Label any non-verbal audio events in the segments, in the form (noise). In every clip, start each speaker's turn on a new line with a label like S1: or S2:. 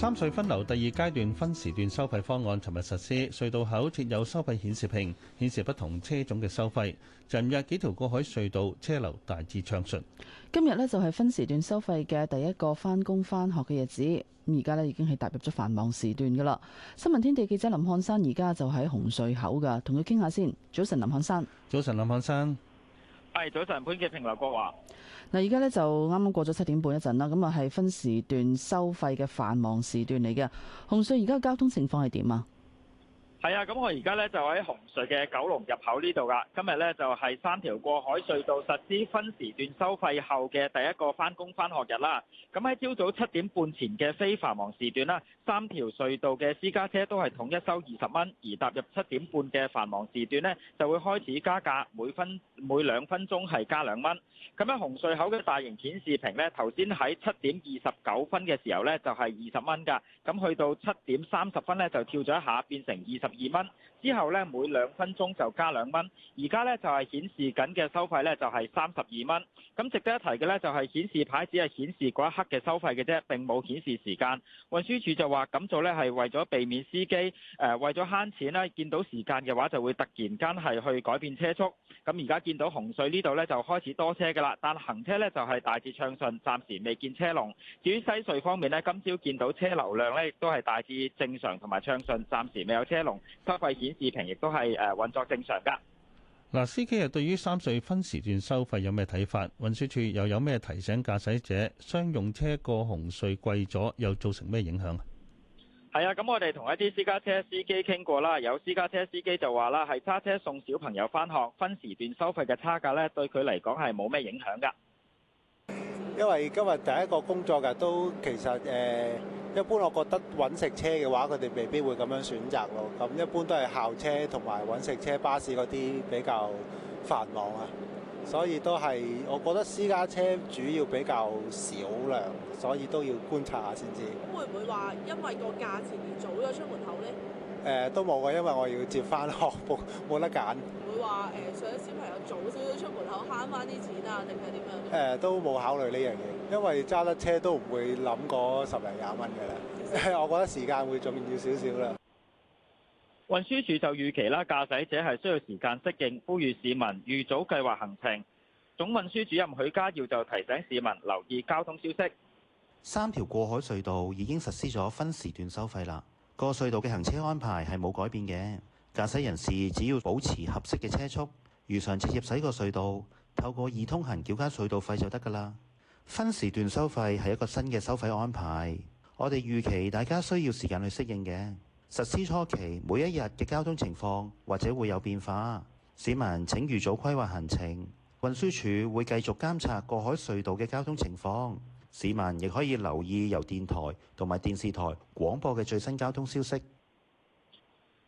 S1: 三隧分流第二階段分時段收費方案，尋日實施。隧道口設有收費顯示屏，顯示不同車種嘅收費，尋日幾條過海隧道車流大致暢順。今日呢，就係分時段收費嘅第一個翻工翻學嘅日子，咁而家呢，已經係踏入咗繁忙時段㗎啦。新聞天地記者林漢山，而家就喺紅隧口噶，同佢傾下先。早晨，林漢山。早晨，林漢山。
S2: 係早上潘嘅平、劉國
S1: 華。嗱，而家咧就啱啱過咗七點半一陣啦，咁啊係分時段收費嘅繁忙時段嚟嘅。紅隧而家嘅交通情況係點啊？
S2: 係啊，咁我而家咧就喺紅隧嘅九龍入口呢度噶。今日咧就係三條過海隧道實施分時段收費後嘅第一個翻工翻學日啦。咁喺朝早七點半前嘅非繁忙時段啦，三條隧道嘅私家車都係統一收二十蚊。而踏入七點半嘅繁忙時段呢，就會開始加價，每分每兩分鐘係加兩蚊。咁喺紅隧口嘅大型顯示屏呢，頭先喺七點二十九分嘅時候呢，就係二十蚊噶。咁去到七點三十分呢，就跳咗一下，變成二十。二蚊，之後呢，每兩分鐘就加兩蚊，而家呢，就係顯示緊嘅收費呢，就係三十二蚊。咁值得一提嘅呢，就係顯示牌只係顯示嗰一刻嘅收費嘅啫，並冇顯示時間。運輸署就話咁做呢係為咗避免司機誒為咗慳錢呢，見到時間嘅話就會突然間係去改變車速。咁而家見到紅隧呢度呢，就開始多車噶啦，但行車呢，就係大致暢順，暫時未見車龍。至於西隧方面呢，今朝見到車流量呢，亦都係大致正常同埋暢順，暫時未有車龍。收費顯示屏亦都係誒運作正常噶
S1: 嗱、啊，司機又對於三隧分時段收費有咩睇法？運輸處又有咩提醒駕駛者？商用車過紅隧貴咗，又造成咩影響？
S2: 係啊，咁我哋同一啲私家車司機傾過啦，有私家車司機就話啦，係揸車送小朋友翻學，分時段收費嘅差價咧，對佢嚟講係冇咩影響噶
S3: 因為今日第一個工作日都其實誒。呃一般我覺得揾食車嘅話，佢哋未必會咁樣選擇咯。咁一般都係校車同埋揾食車巴士嗰啲比較繁忙啊。所以都係，我覺得私家車主要比較少量，所以都要觀察下先知。咁會
S2: 唔會話因為個價錢而早咗出門口呢？
S3: 誒都冇㗎，因為我要接翻學，冇冇得揀。唔會話、呃、想小朋
S1: 友早少少出門口慳翻啲錢啊，定係點
S3: 樣？誒、呃、都冇考慮呢樣嘢，因為揸得車都唔會諗嗰十零廿蚊㗎啦。 (laughs) 我覺得時間會重要少少啦。
S2: 運輸署就預期啦，駕駛者係需要時間適應，呼籲市民預早計劃行程。總運輸主任許家耀就提醒市民留意交通消息。
S1: 三條過海隧道已經實施咗分時段收費啦。個隧道嘅行車安排係冇改變嘅，駕駛人士只要保持合適嘅車速，如常直接駛過隧道，透過易通行繳交隧道費就得㗎啦。分時段收費係一個新嘅收費安排，我哋預期大家需要時間去適應嘅。實施初期，每一日嘅交通情況或者會有變化，市民請預早規劃行程。運輸署會繼續監察過海隧道嘅交通情況。市民亦可以留意由電台同埋電視台廣播嘅最新交通消息。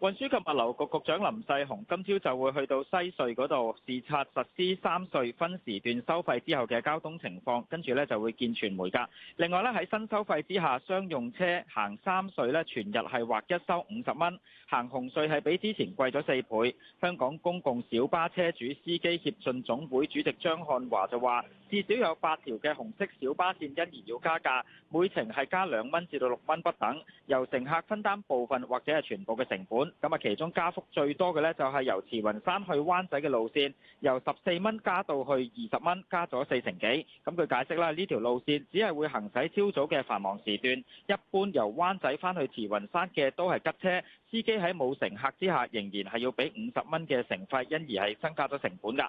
S2: 運輸及物流局局長林世雄今朝就會去到西隧嗰度視察實施三隧分時段收費之後嘅交通情況，跟住咧就會見傳媒噶。另外咧喺新收費之下，商用車行三隧咧全日係劃一收五十蚊，行紅隧係比之前貴咗四倍。香港公共小巴車主司機協進總會主席張漢華就話，至少有八條嘅紅色小巴線因而要加價，每程係加兩蚊至到六蚊不等，由乘客分擔部分或者係全部嘅成本。咁啊，其中加幅最多嘅呢，就係由慈雲山去灣仔嘅路線，由十四蚊加到去二十蚊，加咗四成幾。咁佢解釋啦，呢條路線只係會行駛朝早嘅繁忙時段。一般由灣仔返去慈雲山嘅都係吉車，司機喺冇乘客之下，仍然係要俾五十蚊嘅乘費，因而係增加咗成本㗎。